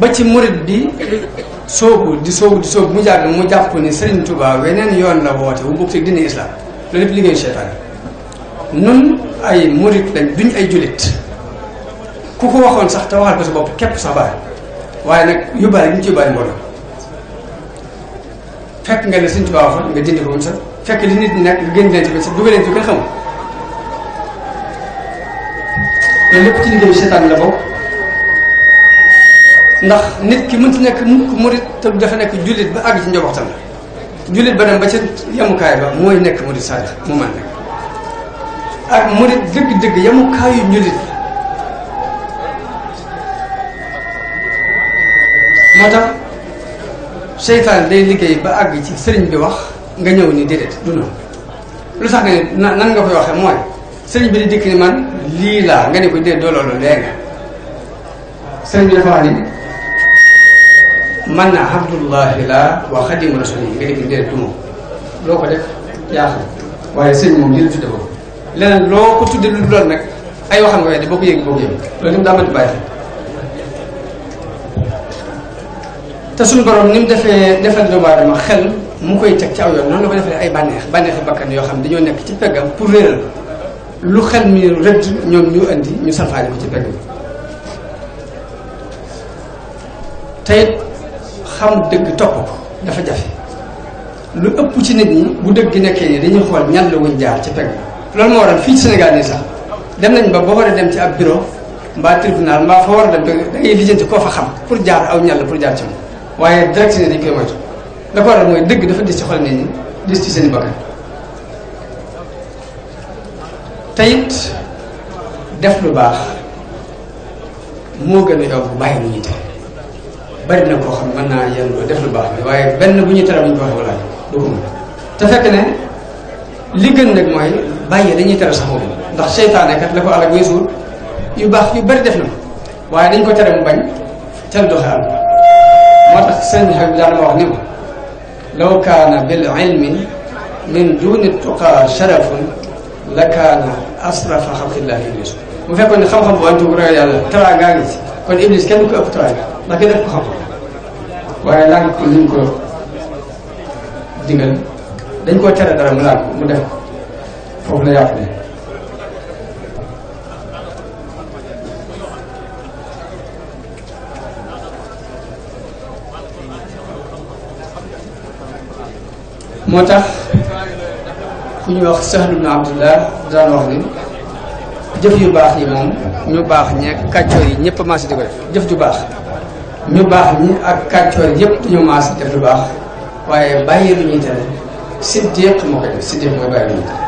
ba ci di soobu di soobu mu jàgg mu jàpp ni Sëriñ Tuubaa weneen yoon la woote wu bokk teg dina islam loolu lépp liggéeyu seytaane nun ay murit lañ duñ ay jullit ku ko waxoon sax te waxal ko sa bopp képp sax baax waaye nag yóbbaale ñu ci yóbbaale mbooloo fekk nga ne Sëñ nga jënd ko woon fekk li nit nekk nga gën leen ci ko sax dugal leen fi ko xamu te lépp ci liggéeyu ndax nit ki mënti nekk murit te dafa nekk jullit ba àgg ci njabootam la jullit ba dem ba ca yemukaay ba mooy nekk murit saadi mu man nekk ak murit dëgg-dëgg yemukaayu jullit moo tax seytaan day liggéey ba àgg ci sëriñ bi wax nga ñëw nii déedéet du noonu lu sax nga ne nan nga koy waxee mooy sëriñ bi di dikk ni man lii laa nga ne ko déet doo loolu lee sëriñ bi dafa wax ni man na abdullahi laa wa a rasuli nga ne ko déet du moom loo ko def yaa xam waaye sëriñ moom lii la tudde ko leneen loo ko tudde lu doon nag ay waxam nga weddi boo ko yëngi ko yëngi loolu daa mën di bàyyi te suñu borom ni mu defee defal doomu aadama xel mu koy teg ci aw yoon noonu la ko defee ay bànneex bànneexi bakkan yoo xam dañoo nekk ci peggam pour réeral lu xel mi rëdd ñoom ñu indi ñu salfaani ko ci pegg bi tey xam dëgg topp ko dafa jafe lu ëpp ci nit ñi bu dëgg nekkee nii dañuy xool ñan la wuñ jaar ci pegg loolu moo waral fii ci Sénégal nii sax dem nañ ba boo war a dem ci ab bureau mbaa tribunal mbaa fa war a dem da ngay lijjanti koo fa xam pour jaar aw ñan la waaye direct ne dañ koy moytu la ko waral mooy dëgg dafa dis ci xol nit ñi dis ci seen bakkan teyit def lu baax moo gën a yomb bàyyi lu ñuy tere bari na koo xam mën naa yenn def lu baax bi waaye benn bu ñuy tere bu ñu ko waxee walla du ko te fekk ne li gën nag mooy bàyyi dañuy tere sax moom ndax seytaane kat la ko alal weesuur yu baax yu bari def na waaye dañ ko tere mu bañ tel doxe am moo tax sëñ bi xabib daana wax ni ko law kaana bil min duni tuqaa sharafun la kaana asrafa xalqillahi iblis bu fekkoon ne xam-xam bu antu ragal yàlla teraanga ngi kon iblis kenn ko ëpp teraanga kenn ko xam-xam waaye laa ngi ko ñu ko digal dañ koo tere dara mu la yàqu ne moo tax ku ñuy wax Sahl ibn Abdullah daan wax ni jëf yu baax yi moom ñu baax ñee kàccoor yi ñëpp maas di ko def jëf ju baax ñu baax ñi ak kàccoor yëpp duñu maas def lu baax waaye bàyyi lu ñuy tere siddiq moo koy def siddiq mooy bàyyi lu ñuy tere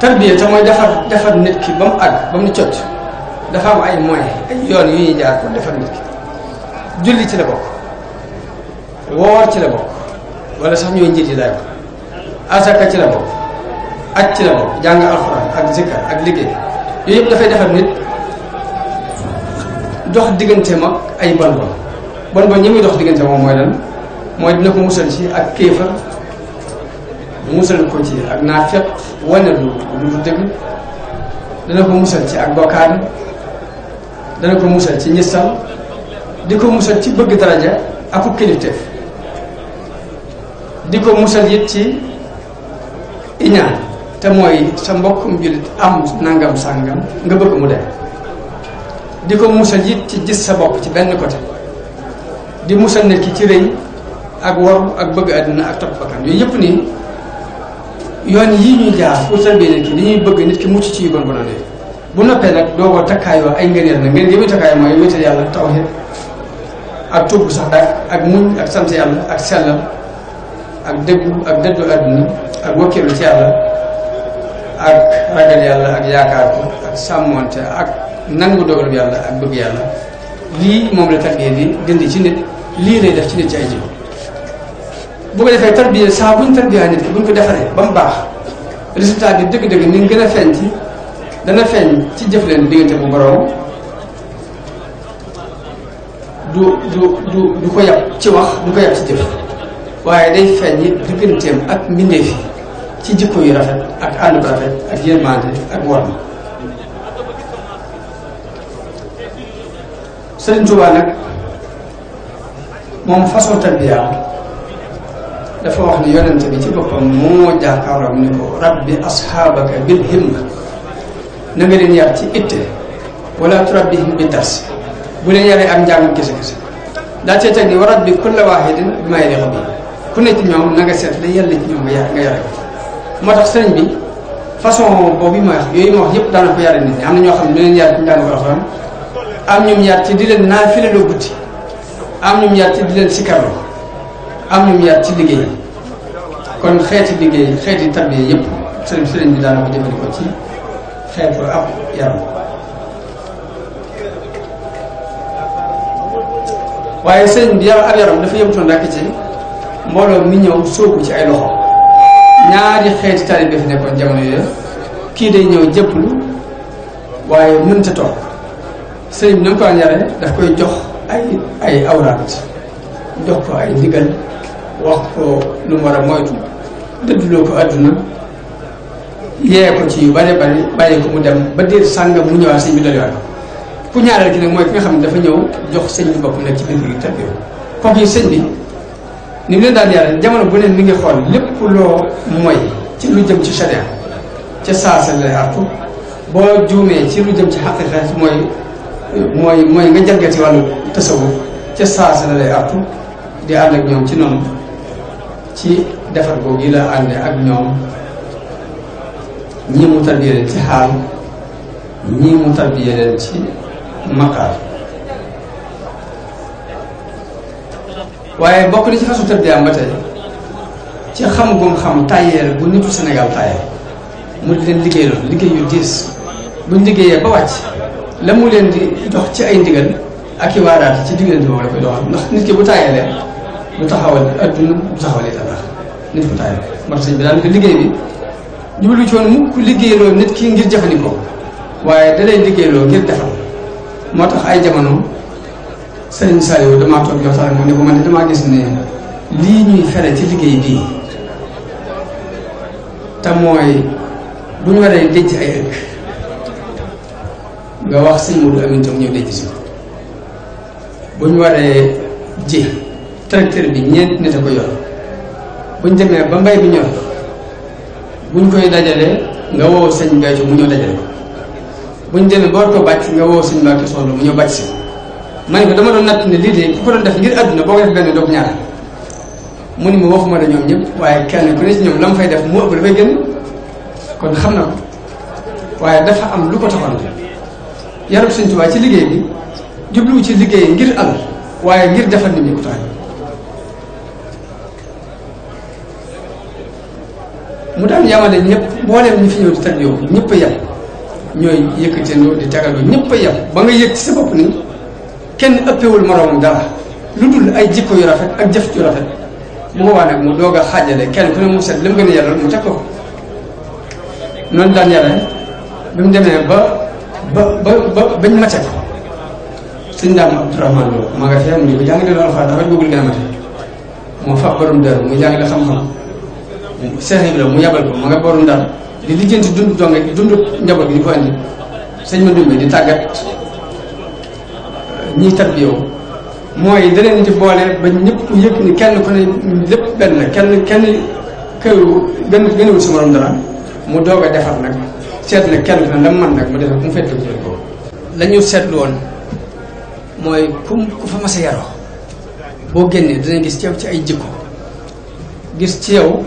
tarbiya te mooy defar defar nit ki ba mu àgg ba mu ni cocc dafa am ay moyens yoon yu ñuy jaar pour defar nit ki julli ci la bokk woor ci la bokk wala sax ñooy njiit yi daay wax asaka ak zikkar ak liggéey yooyu yëpp dafay defar nit dox diggante mag ay bon bon bon ñi muy dox diggante moom mooy lan mooy dina ko musal ci ak kéefar musal ko ci ak naafeq wane lu lu dëgg dana ko musal ci ak bokkaane dana ko musal ci ñistal di ko musal ci bëgg daraja ak kilifteef di ko musal it ci iñaan te mooy sa mbokkum jullit am nangam sàngam nga bëgg mu dem di ko musal it ci gis sa bopp ci benn côté di musal nit ki ci rëy ak waru ak bëgg àddina ak topp bakkan yooyu yëpp nii yoon yii ñuy jaar pour tarbie nit ki li ñuy bëgg nit ki mucc ci yu bon bon yooyu bu noppee nag doo ko takkaayoo ay ngëneel na ngeen gi muy takkaay mooy wéetal yàlla tawhid ak tuub sax daak ak muñ ak sant yàlla ak sellal ak dëggu ak dëddu àdduna ak wakkilu ci yàlla ak ragal yàlla ak yaakaar ko ak sàmmoonte ak nangu dogalu yàlla ak bëgg yàlla lii moom la tarbiya di dindi ci nit lii lay def ci nit ci ay jikko bu defee tarbiya saa buñ tarbiya nit ki buñ ko defaree ba mu baax résultat bi dëgg-dëgg ni gën a feeñ ci dana feeñ ci jëfleen diggante bu borom du du du du ko yàpp ci wax du ko yàpp ci jëf waaye day feeñ it digganteem ak mbindeef ci jikko yu rafet ak ànd bu rafet ak yërmande ak warma Sëriñ Tuubaa nag moom façon tarbiya dafa wax ni yonent bi ci boppam moo jàkkaaroon ni ko rabbi asxaabaka bil himma na nga leen yar ci itte wala turabbihim bi dars bu leen yaree am njàngam kese kese daa cee teg ni wa rabbi kulla waahidin bi may ku nekk ñoom na nga seet la yàlla ci ñoom nga yar nga yare ko moo tax sëriñ bi façon boobu ma wax yooyu ma wax yëpp daana nit ñi am na ñoo xam ne ñu leen yar ci njàng ko alxuraan am di leen naa fi am ñum yar ci liggéey kon xeeti liggéey xeeti tarbiya yëpp sëriñ sëriñ bi daana ko ci xeet ko ab yaram waaye sëriñ bi yar yaram dafa yëmtoon rekk ci mbooloo mi ñëw sóobu ci ay loxo ñaari xeeti taalibe fi nekkoon jamono yooyu kii day ñëw jëpplu waaye mënta toog sëriñ bi na ko daan yare daf koy jox ay ay jox ko ay ndigal wax ko lu mu war a moytu dëdduloo ko àdduna yee ko ci yu bare bari bàyyi mu dem ba diir sàngam mu ñëwaat sëñ bi doliwaat ku ñaareel ki nag mooy ki nga xam ne dafa ñëw jox sëñ bi bopp nekk ci biir bi tëdd kooku sëñ bi ni mu leen daan yàlla jamono bu ne mi ngi xool lépp loo mooy ci lu jëm ci sharia ca saasa lay artu boo juumee ci lu jëm ci xaqiqa mooy mooy mooy nga jalgati wàllu tasawuf ca saasa lay artu di ànd ak ñoom ci noonu ci defar googu yi la àndee ak ñoom ñii mu tarbiyee leen ci xaal ñii mu tarbiyee leen ci maqaar waaye bokk na ci façon tëb di am ba tey ci xam gum xam tàyyeel bu nitu Sénégal tàyyeel mu di leen liggéey loolu liggéey yu diis buñ liggéeyee ba wàcc la mu leen di dox ci ay ndigal ak i waaraat ci diggante boobu la koy doxal ndax nit ki bu tàyyeelee du taxawal adduna du taxawal itam ndax nit ku tàyyeel moo tax sëñ bi daan ko liggéey bi jublu ci woon mukk liggéeyloo nit ki ngir jëfandikoo waaye da lay liggéeyloo ngir defal moo tax ay jamono sëriñ Saliou damaa toog jotaay moom ne ko man de damaa gis ne lii ñuy fere ci liggéey bii te mooy bu waree denc ay ëkk nga wax sëñ Modou Amin Thiam ñëw denc si bu ñu waree ji tracteur bi ñeent nit a ko yor bu demee ba mbay bi ñor buñ koy dajale nga woo sëñ Béthio mu ñëw dajale ko bu ñu demee ba war ko bàcc nga woo sëñ Mbacke Soxla mu ñëw bàcc si ma ne ko dama doon natt ni lii de ku ko doon def ngir àdduna boo ko def benn doog ñaar mu ni ma waxuma la ñoom ñëpp waaye kenn ku ne ci ñoom la mu fay def mu ëpp dafay génn kon xam na ko waaye dafa am lu ko taxoon yarub Sëñ Tuubaa ci liggéey bi jubluwu ci liggéey ngir àll waaye ngir defal nit mu daan yamale ñëpp mboolem ñi fi ñëw di tag yow ñëpp a yem ñooy yëkkatendoo di tagaloo ñëpp a ba nga yëg ci sa bopp ni kenn ëppewul moroomam dara lu dul ay jikko yu rafet ak jëf yu rafet bu boobaa nag mu doog a xaajale kenn ku ne mu set li mu gën a yaral mu teg ko noonu daan yare mu demee ba ba ba ba bañ mate ko sëñ daam Abdourahman Lo maa nga fee mu ñu ko jàngale fa borom dër mu jàngale xam-xam Seex Ibra mu yabal ko ma nga borom daal di lijjanti dund donge dund njaboot bi di ko andi sëñ ma dumbe di tàggat ñiy tarbiyoo mooy danañ di boole ba ñëpp yëpp ni kenn ku ne lépp benn kenn kenn këru gën gënuwul si morom dara mu doog a defar nag seet na kenn na la man nag mu defar mu fekk jël ko lañu ñu seetlu woon mooy ku ku fa mas a yaroo boo génnee dana gis ci yow ci ay jikko gis ci yow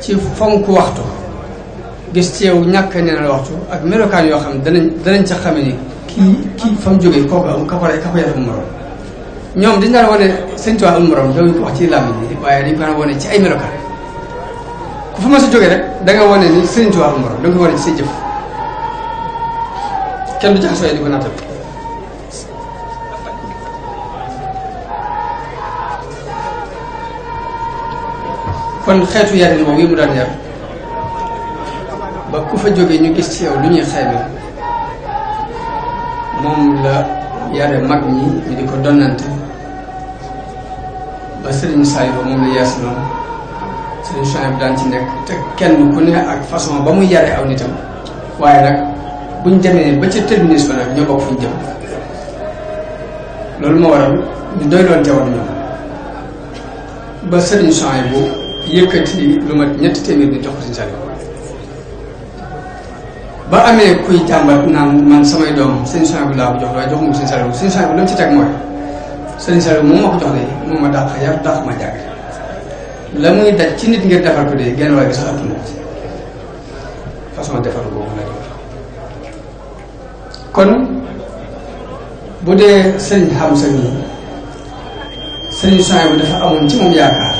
ci fonk waxtu gis ci yow ñàkk neen waxtu ak melokaan yoo xam ne danañ danañ ca xame ni kii kii fa mu jógee kooku am ka ko ka ko yàlla ñoom dañu daan wane sëñ Tuubaa amul morom ci làmb waaye dañu ko wane ci ay melokaan ku fa ma sa jógee rek da wane ni sëñ Tuubaa amul morom da nga ko wane ci say jëf kenn du jaxasoo di ko nattal. kon xeetu yarin moom yi mu daan yar ba ku fa jógee ñu gis ci yow lu ñuy xayma. moom la yare mag ñi ñu di ko donnante ba sëriñ Saliou moom la yees noonu sëriñ Saliou daan ci nekk te kenn ku ne ak façon ba muy yare aw nitam waaye nag buñ demee ba ca terminus ba nag ñoo bokk loolu moo waral ñu doy loon ba sëriñ Saliou bu yëkkati lu mat ñetti téeméer ñu jox ko sëriñ Saliou ba amee kuy jàmbat naan man samay doom sëñ Saliou laa ko jox waaye joxuma ko sëñ Saliou sëñ Saliou lu ci teg mooy sëñ Saliou moom moo ko jox de moom ma dàq yar dàq ma jàng la muy daj ci nit ngir defar ko de genn waaye sax ëpp na ci façon defar boobu kon bu dee sëñ Hamza nii sëñ Saliou dafa amoon ci moom yaakaar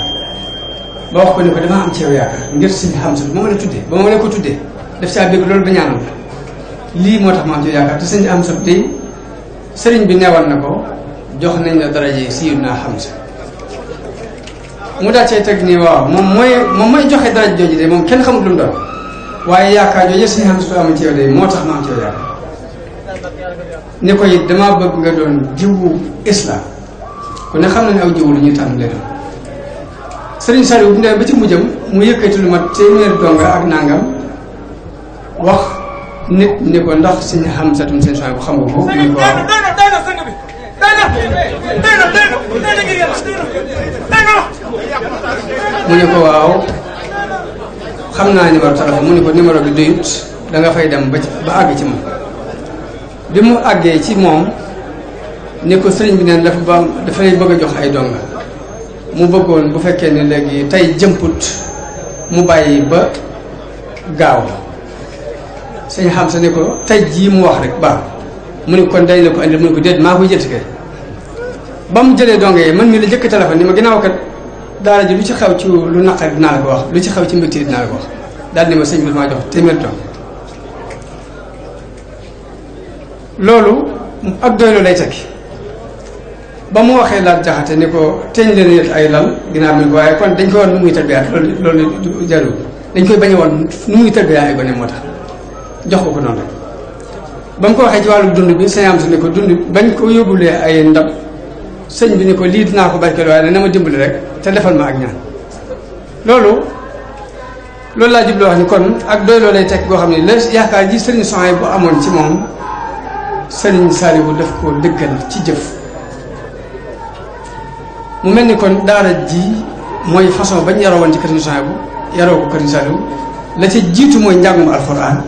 ba wax ko ne ko dama am ci yow yaakaar ngir sëñ Hamza ba ma la tuddee ba ma la ko tuddee daf caa bëgg loolu ba ñaanal lii moo tax ma am ci yaakaar te sëñ am sab tey sëriñ bi neewal na ko jox nañ la daraje Sayyidina Hamza mu daal cay teg nii waaw moom joxe daraj jooju de moom kenn xamut lu mu doon am ci yow de moo tax ma am ci yow yaakaar ne ko it damaa bëgg nga doon jiwu islam ku ne xam na ne aw jiwu lu ñuy tànn léegi sëriñ Saliou bu ñu ba ci mujjam mu yëkkati lu mat téeméer donga ak nangam. wax nit ni ko ndax si xam satum seen soxna bu xam nga ko. mu ne ko waaw. xam naa numéro téléphone mu ne ko numéro bi doyut danga fay dem ba ci ba àgg ci moom bi mu àggee ci moom ne ko sëriñ bi neen dafa ba dafa bëgg a jox ay donga mu bëggoon bu fekkee ne léegi tey jëmput mu bàyyi ba gaaw sëñ xam sa ne ko tey jii mu wax rek ba mu ne kon dañ la ko andil mu ne ko déet maa koy jënd kay ba mu jëlee donge yi man mii la jëkk téléphone ni ma ginnaaw ka daara ji lu ci xew ci lu naqari dinaa la ko wax ci xew ci ma sëñ bi maa jox téeméer dong loolu ak doylu lay tekki ba mu waxee laat jaxate ni ko teñ leen yet ay lal ginnaaw mi ko waaye kon dañ koy woon nu muy tëbbiyaat loolu jarul dañ koy bañ a woon nu muy tëbbiyaat ay gone moo tax jox ko ko noonu ba mu ko waxee ci wàllu dund bi sëñ Amsa ne ko dund bañ ko yóbbulee ay ndab sëñ bi ne ko lii dinaa ko barkeel waaye na ma dimbali rek te defal ma ak ñaan loolu loolu laa jubloo wax ni kon ak doy lay teg goo xam ne la yaakaar ji sëriñ Soxna bu amoon ci moom sëriñ Saliou daf ko dëggal ci jëf mu mel ni kon daara ji mooy façon bañ yaroo woon ci kër Soxna bu yaroo ko kër Saliou la ci jiitu mooy njàngum alxuraan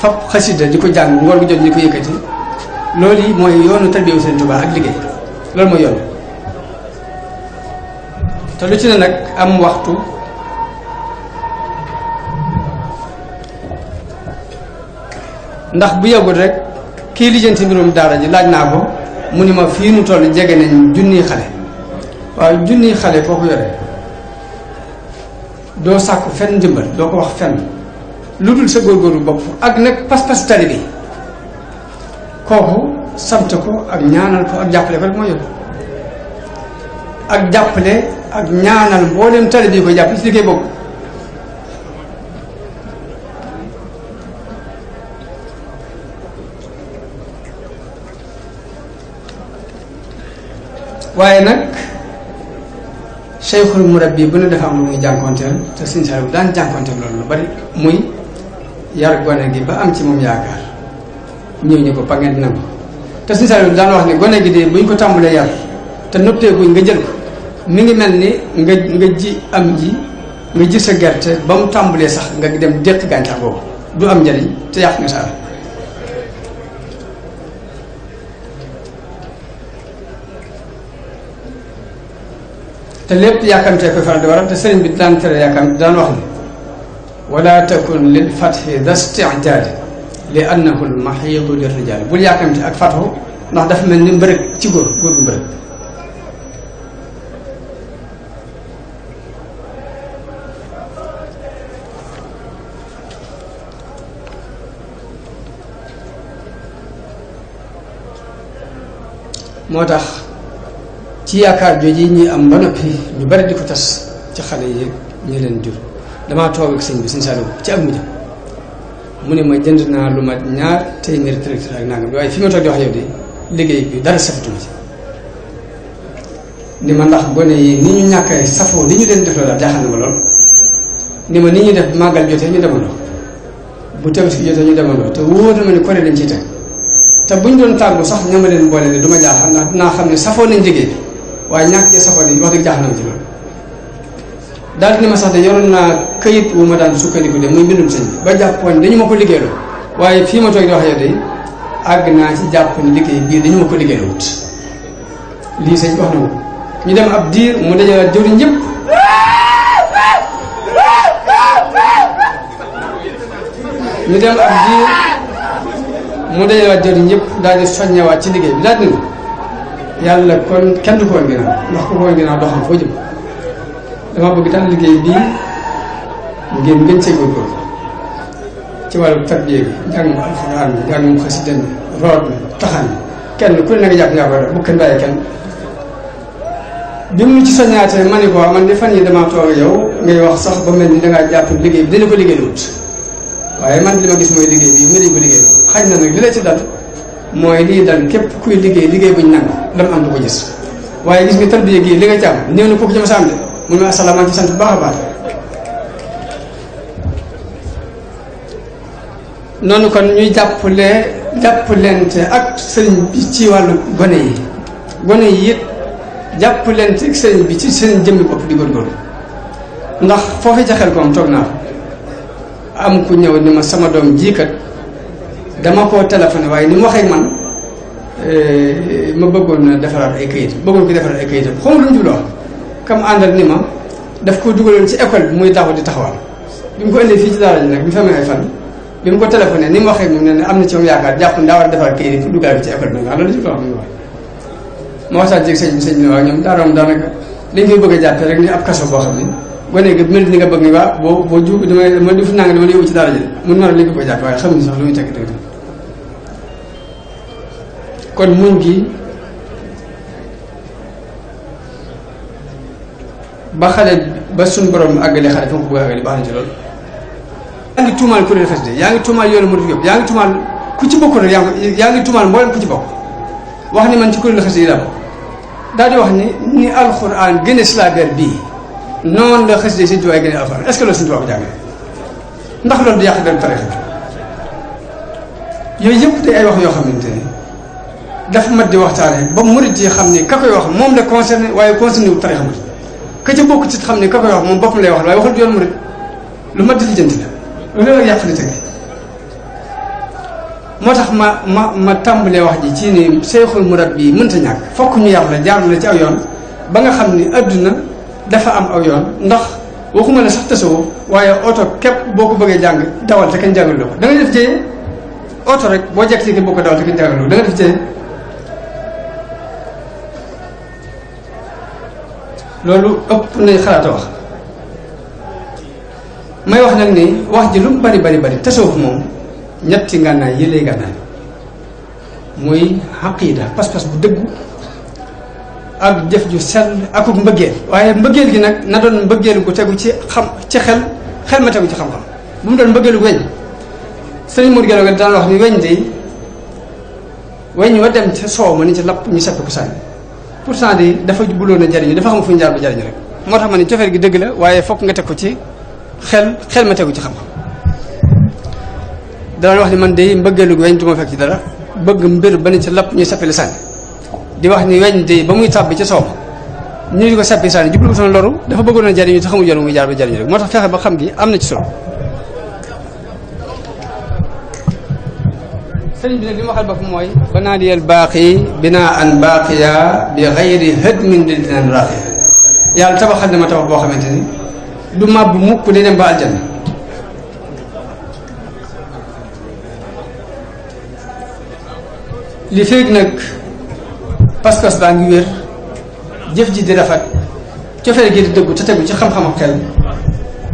fab xasida di ko jàng ngoon gi jot di ko yëkkati loolu yi mooy yoonu tarbiyawu Sëriñ Tuubaa ak liggéey loolu mooy yoon te lu ci ne nag am waxtu ndax bu yàggul rek kii lijjanti mbirum daara ji laaj naa ko mu ni ma fii nu toll jege nañ junniy xale waaw junniy xale koo ko yore doo sàkku fenn ndimbal doo ko wax fenn lu dul sa góorgóorlu bopp ak nag pas-pas tali bi kooku sant ko ak ñaanal ko ak jàppale ko rek moo yóbbu ak jàppale ak ñaanal mboolem tali bi ko jàpp ci liggéey boobu waaye nag cheikhul murabbi bu ne dafa am lu muy jànkonteel te suñu saa daan jànkonteel loolu lu bari muy yar gone gi ba am ci moom yaakaar ñëw ñu ko pa nangu te suñu saa daan wax ne gone gi de bu ñu ko tàmbalee yar te nopteekuñ nga jël ko mi ngi mel ni nga nga ji am ji nga ji sa gerte ba mu tàmbalee sax nga dem déq gàncax boobu du am njëriñ te yàq nga saa te lépp yàkkamtee ko faral di waral te sëriñ bi daan tere yàkkam daan wax ne wala takun lil fatxi da stijaali li annahu l maxiidu li rijaali bul yàkkamte ak fatxu ndax dafa mel ni mbërëg ci góor góor gu moo tax ci yaakaar jooji ñuy am ba noppi ñu bari di ko tas ci xale yi ñu leen jur damaa toog ak sëñ bi sëñ Saliou ci mu ne ma jënd naa lu ma ñaar téeméeri tracteur ak nangam waaye fi ma toog di wax yow de liggéey bi dara safatuma ci ni ma ndax gone yi ni ñu ñàkk ay safoo ni ñu leen def loolu na ma lool ni ma ni ñuy def màggal jotee ñu demandoo bu tabaski ñu demandoo te wóor na ma ni kore dañ ciy teg te bu ñu doon tàggu sax ñoo ma leen boole ne du ma jaaxal ndax naa xam ne safoo nañ liggéey bi waaye ñàkk gi safoo nañ wax dëgg jaaxal na ma ci daal ni ma sax de naa këyit wu ma daan sukkandiku de muy mbindum sëñ bi ba ma ko liggéeyloo waaye fii ma toog di wax yow tey naa ci jàpp ni liggéey bii dañu ma ko liggéeyloo wut lii sëñ wax na ko ñu dem ab diir mu dajalaat jëwriñ yëpp ñu dem ab diir mu dajalaat jëwriñ daal di soññewaat ci liggéey bi daal di yàlla kon kenn du ko woon ginnaaw ndax ko woon ginnaaw doo xam foo dama bëgg tax liggéey bii ngeen gën see góorgóorlu ci wàllu tarbiya bi jàngum alxuraan bi jàngum xasida bi root bi taxan kenn ku ne nga jàpp yaa ko def bu kenn ma man di fan yi damaa toog yow ngay wax sax ba mel ni dangaa jàpp liggéey bi dina ko liggéeyluwut waaye man li ma gis mooy liggéey bii mu dañ ko liggéeylu xaj na nag li la ci dal mooy lii dal képp kuy liggéey liggéey buñ nangu lam am du ko gis waaye gis nga tarbiya gii li nga ci am néew na kooku ci ma sa am de mu ne asalaam ak ci sant bu baax a baax noonu kon ñuy jàppale ak sëriñ bi ci wàllu gone yi gone yi it jàppalente ak sëriñ bi ci seen jëmmi bopp di góorgóorlu ndax foofu ca koom toog naa am ku ñëw ni ma sama doom jii kat dama ko téléphoné waaye ni mu waxee man eh, ma bëggoon na defaraat ay kayit bëggoon ko defaraat ay kayit xamul lu mu kam àndal ni ma daf ko dugaloon ci école bi muy daw di taxawal bi ko indee fii ci daara ji nag ni mu waxee moom ne ne am na ci moom a defar kayit pour duggaay bi ci école bi nga rek ni ab kaso boo xam ne gone gi mel ni nga waa boo boo ju damay ma na liñ a jàppee waaye xamuñ sax lu muy tekki dëgg kon muñ gi ba xale ba suñ borom àggale xale fa nga ko bëgg àggale baax na ci yaa ngi tuumaal kuréel xasida yaa ngi tuumaal ku ci bokkul rek yaa ngi yaa ngi tuumaal bokk wax ni man ci kuréel xasida yi daal di wax ni ni a silabeer bii noonu la xasida yi sëñ tuwaay gën a alxuraan est ko jàngale ndax loolu du yàq benn yëpp day ay yoo xamante ne dafa di waxtaane ba murid yi xam ni ka koy wax moom la concerné waaye concerné wu tarixa ka bokk ci xam ne ka koy wax moom boppam lay wax waaye waxul yoon mu rek lu ma di la loolu ak yàq la tege moo tax ma ma ma tàmbalee wax ji ci ne seexul murab bi mënta ñàkk fokk ñu yàlla jaar na ci aw yoon ba nga xam ni àdduna dafa am aw yoon ndax waxuma la sax tasawoo waaye oto képp boo ko bëggee jàng dawal te kañ jàngaloo ko da def jëye oto rek boo jekk ci boo ko dawal te kañ jàngaloo da nga def jëye loolu ëpp nay xalaat a wax may wax nag ni wax ji lu bari bari bari tasawuf moom ñetti ngànnaay yi lay ngànnaay muy xaqiida pas-pas bu dëggu ak jëf ju sell akuk mbëggeel waaye mbëggeel gi nag na doon mbëggeel gu tegu ci xam ci xel xel ma tegu ci xam-xam bu mu doon mbëggeelu weñ sëriñ Mour Gelo daan wax ni weñ de weñ wa dem ca soow ma ni ci lapp ñu sepp ko sànni pour pourtant de dafa bëggoon a jariñu dafa xam fu ñu jaar ba jariñu rek moo tax ma ne cofeel gi dëgg la waaye fokk nga teg ko ci xel xel ma tegu ci xam-xam danañ wax ni man de mbëggeelu gi weñ du ma fekk ci dara bëgg mbir ba ni ci lapp ñuy sappili sànni di wax ni weñ de ba muy tàbbi ci soow ñu di ko sappi sànni jublu ko loru dafa bëggoon a jariñu te xamul yoon muy jaar ba jariñu rek moo tax fexe ba xam gi am na ci solo sëriñ bi nag li ma waxal ba fu mooy ba naa diyel baaqi binaa an baaqiya bi xayri hadmin di dinaan raaqi yàlla tabaxal na ma tabax boo xamante ni du màbb mukk di dem ba aljanna li feeg nag pas-pas baa ngi wér jëf ji di rafet cofeel gi di dëggu te tegu ci xam-xam ak xel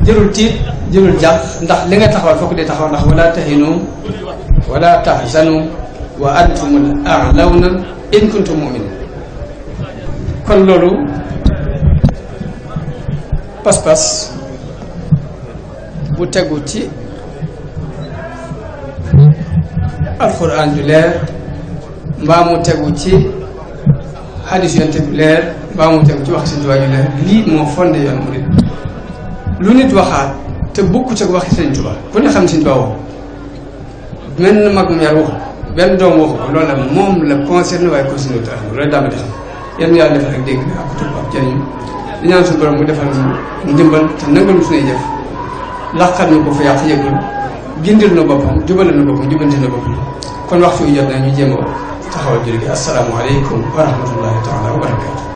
jërul tiit jërul jàpp ndax li nga taxawal fokk di taxaw ndax wala tahinu wala tahzanu wa antumul a'lawna in kuntum mu'minin kon pas-pas bu tegu ci alxuraan ju leer mbaa mu tegu ci xadis yonte bu leer mbaa mu tegu ci wax si Tuubaa ju leer lii moo fonde yoon murid lu nit waxaat te bokku ci waxi sëñ Tuubaa ku ne xam sëñ Tuubaa wenn magum yar waxu benn doom waxu ko loolu la moom la concerné waaye concerné wu taxaw loolu daal di def yàlla defal ak dégg ak tuub ak jëriñ di suñu borom mu defal ndimbal te nangal ñu suñuy jëf laqal ñu ko fa yàq yëgul gindil na boppam jubale na boppam jubanti na boppam kon waxtu yu jot na ñu jéem a taxawal julli gi asalaamaaleykum wa rahmatullahi taala wa